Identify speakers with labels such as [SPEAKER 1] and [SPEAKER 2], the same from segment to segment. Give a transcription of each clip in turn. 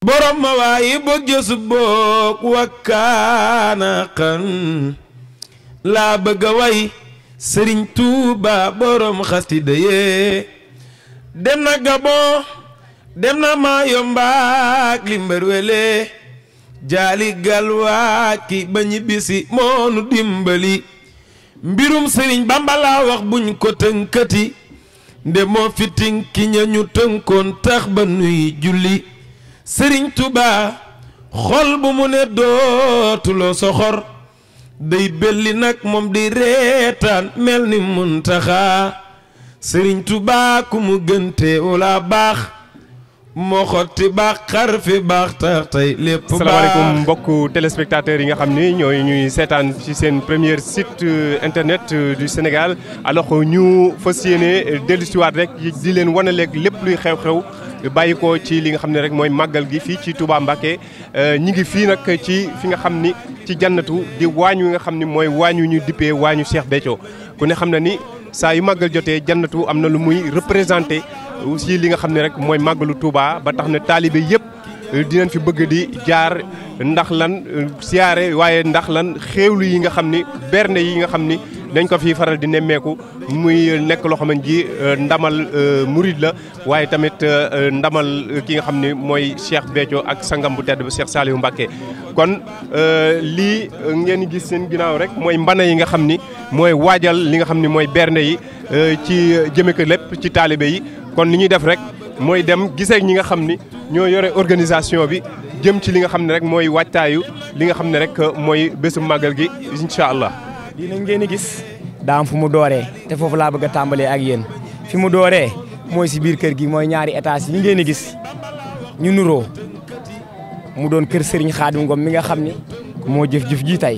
[SPEAKER 1] borom ma waayi boog jësu boog wakkaana xan laa bëgg a way sëriñ tuuba borom xasida yee dem na gabon dem na maa yombaak li mbër wele jaali galwaaj ki ba ñibbisi moonu dimbali mbirum sëriñ Bamba laa wax buñ ko tënkati nde moo fi tinki ña ñu tënkoon tax ba nuy julli sëriñ Tuubaa xol bu mu ne dootuloo soxor day belli nag moom di reetaan mel ni muntaxaa sëriñ Tuubaa ku mu gënte wala baax moo xotti baax xar fi baax tax tey lépp baax salaamaaleykum mbokk téléspectateurs yi nga xam ni ñooy ñuy seetaan ci seen première site euh, internet euh, du Sénégal alors ñu fas yéene dellusiwaat rek di leen wanaleeg lépp luy xew-xew bàyyi ko ci li nga xam ne rek mooy màggal gi fii ci Touba Mbacké euh, ñi ngi fii nag ci fi nga xam ni ci jannatu di waañ wi nga xam ni mooy waañu ñu dippee waañu Cheikh Béthio ku ne xam na ni saa yu màggal jotee jannatu am na lu muy représenté aussi li nga xam ne rek mooy màggalu Touba ba tax na taalibe yëpp euh, dinañ fi bëgg di jaar ndax lan euh, siyaare waaye ndax lan xéewlu yi nga xam ni berne yi nga xam ni dañ ko fi faral di nemmeeku muy nekk loo xam ne ji euh, ndamal murid la waaye tamit ndamal ki nga xam ni mooy Cheikh Béthio ak sangam bu tedd ba Cheikh Saliou Mbacké kon lii ngeen gis seen ginnaaw rek mooy mbana yi nga xam ni mooy waajal li nga xam ni mooy berne yi ci jëme ko lépp ci taalibe yi kon li ñuy def rek mooy dem gisee ñi nga xam ni ñoo yore organisation bi jëm ci li nga xam ne rek mooy waajtaayu li nga xam ne rek mooy bésu màggal gi incha allah.
[SPEAKER 2] dinañ ngeen di gis daa fu mu dooree te foofu laa bëgg a tàmbalee ak yéen fi mu dooree mooy si biir kër gi mooy ñaari étage yi ngeen di gis ñu nuroo mu doon kër Serigne Khadim Ngom mi nga xam ni moo jëf-jëf jii tey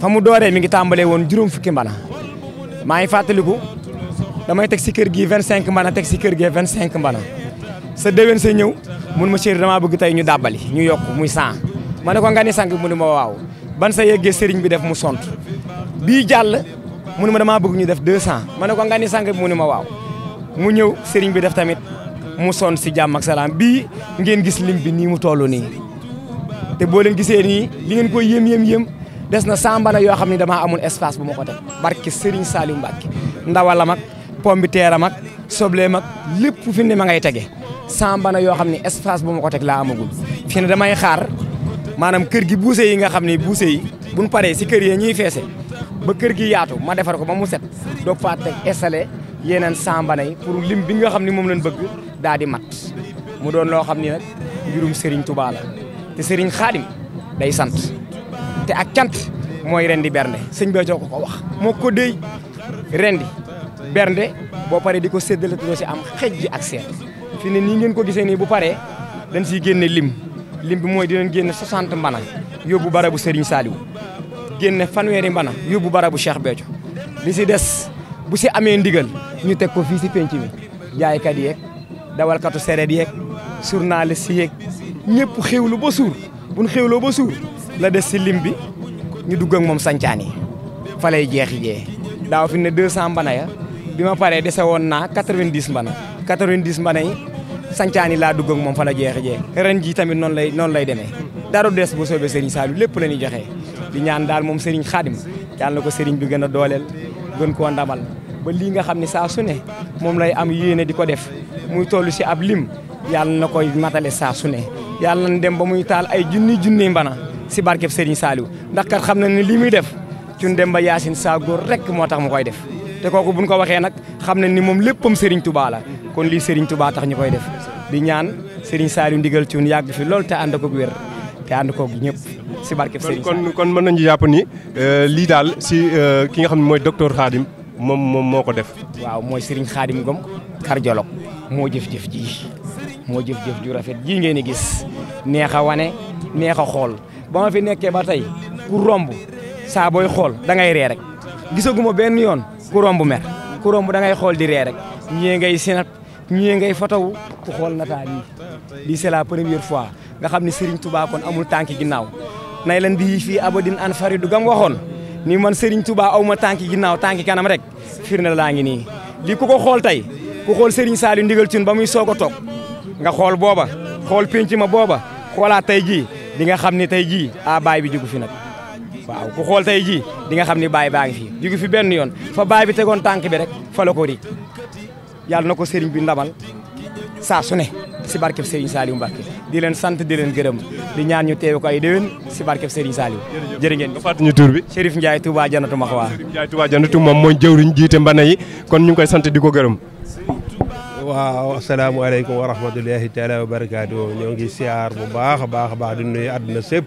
[SPEAKER 2] fa mu dooree mi ngi tàmbalee woon juróom fukki mbana maa ngi fàttaliku. damay teg si kër gi 25 mbana teg si kër gi 25 mbana sa déwén sa ñëw mun ma chéri damaa bëgg tey ñu dàbbali ñu yokk muy 100 ma ne ko nga ni sang mu ne ma waaw ban sa yeggee seriñ bi def mu sont bii jàll mu ne ma damaa bëgg ñu def 200 ma ne ko nga ni sang mu ne ma waaw mu ñëw sëriñ bi def tamit mu son si jàmm ak salaam bii ngeen gis lim bi nii mu toll nii te boo leen gisee nii li ngeen koy yëm yëm yëm des na sambana yoo xam ne damaa amul espace bu ma ko teg barke Serigne Saliou Mbacke ndawala mag pombiteer am ak soble mag lépp fi ne ma ngay tege sambana yoo xam ne espace boo ma ko teg laa amagul fi ne damay xaar maanaam kër gi buuse yi nga xam ne buuse yi buñ paree si kër yi ñuy feese ba kër gi yaatu ma defar ko ba mu set doog faa teg installé yeneen sambana yi pour lim bi nga xam ni moom lañ bëgg daa di mat mu doon loo xam ni nag mbirum sëriñ Touba la te Serigne Khadim day sant te ak cant mooy rendi bernde sëñ Béthio ko ko wax moo ko déy rendi bernde boo paree di ko séddale doo si am xej ji ak seet fi ne nii ngeen ko gisee nii bu paree dañ siy génne lim lim bi mooy dinañ génne 60 bu yóbbu barabu Serigne Saliou génne fanweeri mbana yóbbu bu Cheikh Béthio li si des bu si amee ndigal ñu teg ko fii si penc mi jaaykat yeeg dawalkatu sereet yeeg journaliste yeeg ñëpp xéwlu ba suur buñ xéwloo ba suur la des si lim bi ñu dugg ak moom sancaan yi jeex lay jee daaw fi ne 200 mbana ya bi ma paree dese woon naa 90 mbana 90 mbana yi sancaani laa dugg ak moom fa la jeexee ren jii tamit noonu lay noonu lay demee dara des bu soobee Serigne Saliou lépp la ñuy joxe di ñaan daal moom Serigne Khadim yàlla na ko Serigne bi gën a dooleel gën koo ndamal ba lii nga xam ne saa su ne moom lay am yéene di ko def muy toll si ab lim yàlla na koy matale saa su ne yàlla na dem ba muy taal ay junni junni mbana si barkeb Serigne Saliou ndax kat xam na ne li muy def cun dem ba Yacine Sagor rek moo tax mu koy def. te kooku buñ ko waxee nag xam ne ni moom léppam Serigne tubaa la kon lii Serigne tubaa tax ñu koy def bi ñaan Serigne Saliou ndigal ci ñu yàgg fi loolu te ànd koog wér te ànd koog ñëpp si barkeb Serigne kon
[SPEAKER 1] kon mën nañu jàpp ni euh, lii daal si euh, ki nga xam ne mooy docteur
[SPEAKER 2] Khadim moom moom moo ko def. waaw mooy sëriñ Serigne Khadim Ngom cardiologue moo jëf-jëf ji moo jëf-jëf ju rafet ji ngeen di gis neex a wane neex a xool ba fi nekkee ba tey ku romb saa booy xool da ngay ree rek gisaguma benn yoon. ku romb mer ku romb da ngay xool di ree rek ñii ngay sinat ñii ngay fotowu ku xool nataal yi lii c'est la première fois nga xam ne Serigne Touba kon amul tànki ginnaaw nay leen di fii abadin an faridu gam waxoon ni man Serigne Touba aw ma tànki ginnaaw tànki kanam rek firnde laa ngi nii lii ku ko xool tey ku xool Serigne Saliou ndigal cun ba muy soog a nga xool booba xool pénc ma booba xoolaat tey jii di nga xam ni tey jii a ah, baay bi jugu fi nag waaw ku xool tey jii di nga xam ni baay baa ngi fi jugi fi benn yoon fa baay bi tegoon tànk bi rek fa la ko ri yàlla na ko sëriñ bi ndamal saa ne si barkeb sëriñ Saliou Mbacké di leen sant di leen gërëm di ñaan ñu teewe ko ay déwén si barkeb sëriñ Saliou jërë ngeen nga fàttali ñu tuur bi Chérif Ndiaye Touba Janatu Maxwa Chérif Ndiaye Touba Janatu moom mooy
[SPEAKER 1] jëwriñ jiite mbana yi kon ñu ngi koy sant di ko gërëm
[SPEAKER 2] waaw asalaamaaleykum
[SPEAKER 3] wa rahmatulahi taala wa barakaatu ñoo ngi siyaar bu baax a baax a baax di àdduna sépp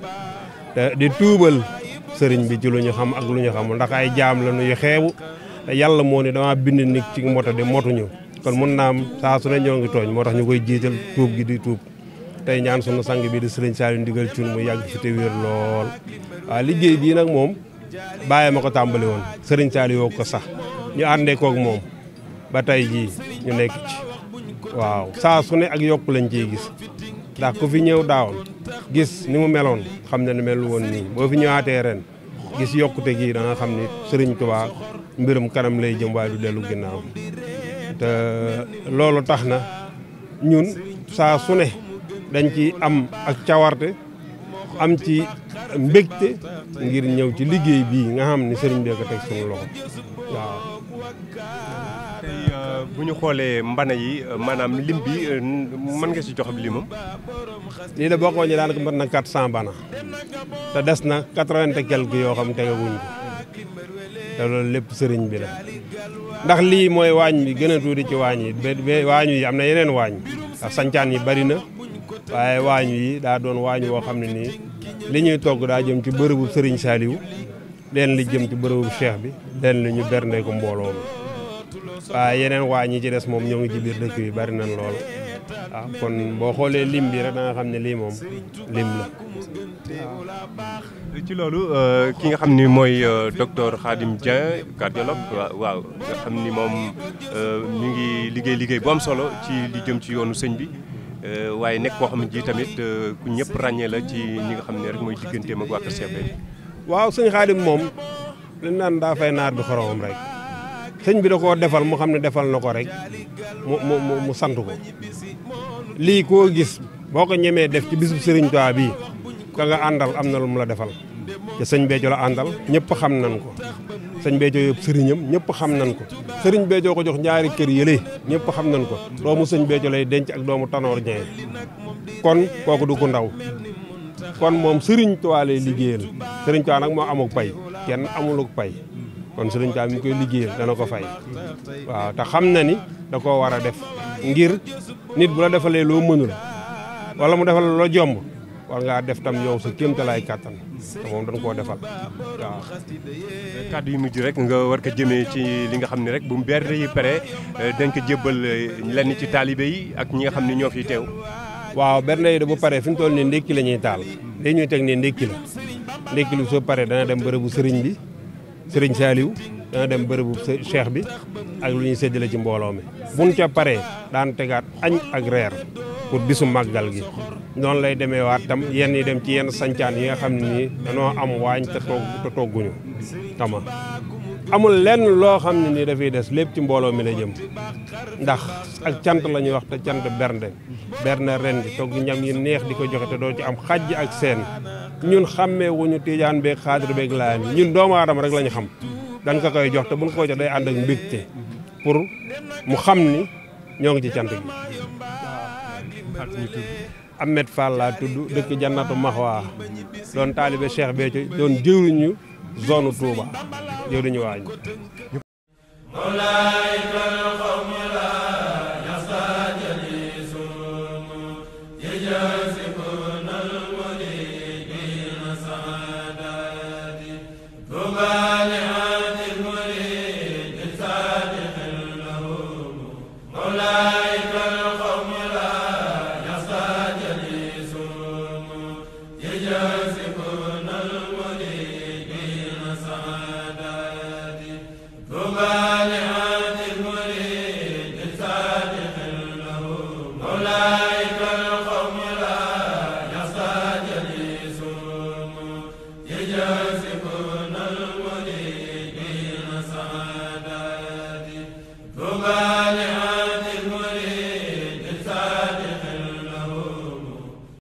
[SPEAKER 3] di tuubal sëriñ bi ci ñu xam ak lu ñu xamul ndax ay jaam la nuyu xeebu te yàlla moo ne dama bind nit ci moto de motuñu kon mun naa am saa su ne ñoo ngi tooñ moo tax ñu koy jiital tuub gi di tuub tey ñaan sunu sang bi di sëriñ Saliou ndigal cuun mu yàgg fi te wér lool waaw liggéey bii nag moom bàyyi ma ko tàmbali woon sëriñ Saliou ko sax ñu àndee koog moom ba tey jii ñu nekk waaw saa su ne ak yokk lañ ciy gis ndax ku fi ñëw daawoon gis ni mu meloon xam ne ne melu woon nii boo fi ñëwaatee ren gis yokkute gi da nga xam ni Serigne Touba mbirum kanam lay jëm waaye du dellu ginnaaw te loolu tax na ñun saa su ne dañ ci am ak cawarte am ci mbégte ngir ñëw ci liggéey bii nga xam ni Serigne bee ko teg suñu loxo
[SPEAKER 1] waaw. bu ñu xoolee mbana yi euh, maanaam lim bi
[SPEAKER 3] euh, mën nga si jox limam. lii de boo ko wàññi daanaka mën na 400 bana te des na 80 et quelque yoo xam tegaguñ ko te loolu lépp sëriñ bi la. ndax lii mooy waañ bi gën a tuuti ci waañ yi ba waañ yi am na yeneen waañ ndax sancaan yi bari na waaye waañ yi daa doon waañ woo xam ne nii li ñuy togg daa jëm ci bërëbu sëriñ Saliou leen li jëm ci bërëbu cheikh bi leen li ñu berndee ko mbooloo waaye yeneen waa ñi ci des moom ñoo ngi ci biir dëkk bi bari nañ lool waaw ah, kon boo xoolee lim bi rek da nga xam ne lii moom lim la
[SPEAKER 1] ci loolu euh, ki nga xam ni mooy euh, docteur Khadim Dieng cardiologue waaw nga xam ni moom ñu euh, ngi liggéey liggéey bu am solo ci li jëm ci yoonu sëñ bi waaye nekk koo xam ne ji tamit ku ñëpp ràññee la ci ñi nga xam ne rek mooy digganteem ak waa Kër Cheikh
[SPEAKER 3] waaw sëñ Khadim moom li naan daa fay naar bi xoromam rek. sëñ bi da koo defal mu xam ne defal na ko rek mu mu mu sant ko lii koo gis boo ko ñemee def ci bisub Sëriñ Tuubaa bii ka nga àndal am na lu mu la defal te sëñ Béthio la àndal ñëpp xam nañ ko sëñ Béthio yëpp sëriñam ñëpp xam nañ ko sëriñ Béthio ko jox ñaari kër yële ñëpp xam nañ ko mu sëñ Béthio la denc ak doomu Tanor Dieng kon kooku du ko ndaw kon moom sëriñ Tuubaa lay liggéeyal sëriñ Tuubaa nag moo amuk pay kenn amuluk pay kon sëriñ Tuubaa mi koy liggéeyal dana ko fay waaw te xam na ni da koo war a def ngir nit bu la defalee loo mënul wala mu defal loo jomb war ngaa def tam yow sa kéemtalaay kàttan te moom dañ koo defal waaw. kàddu yu mujj rek nga war ko jëmee
[SPEAKER 1] ci li nga xam ne rek bu mu berndee yi pare eh, dañ ko jébbal eh, lenn ci taalibe yi ak ñi
[SPEAKER 3] nga xam ne ñoo fi teew. waaw berndee yi da bu paree fi mu toll nii ndékki la ñuy taal. day ñuy teg ne ndékki la ndékki lu so paree dana dem bërëbu sëriñ bi. sëriñ Saliou dana dem bërëbu cheikh bi ak lu ñuy séddale ci mbooloo mi buñ ca paree daan tegaat añ ak reer pour bisu màggal gi noonu lay demee waat tam yenn yi dem ci yenn sancaan yi nga xam ne nii danoo am waañ te toog te togguñu tama amul lenn loo xam ne nii dafay des lépp ci mbooloo mi la jëm ndax ak cant la ñuy wax te cant bernde bernde ren di togg ñam yi neex di ko joxe te doo ci am xaj ak seen ñun xàmmee wuñu tiijaan beeg xaadir beeg laayam ñun doomu aadama rek lañu xam dañ ko koy jox te buñ ko jox day ànd ak mbégte pour mu xam ni ñoo ngi ci cant gi. Ahmed Fall laa tudd dëkk Jannatu Maxwa doon taalibe Cheikh Béthio doon jëwriñu zone Touba jëwriñu waañ
[SPEAKER 1] Tuubaa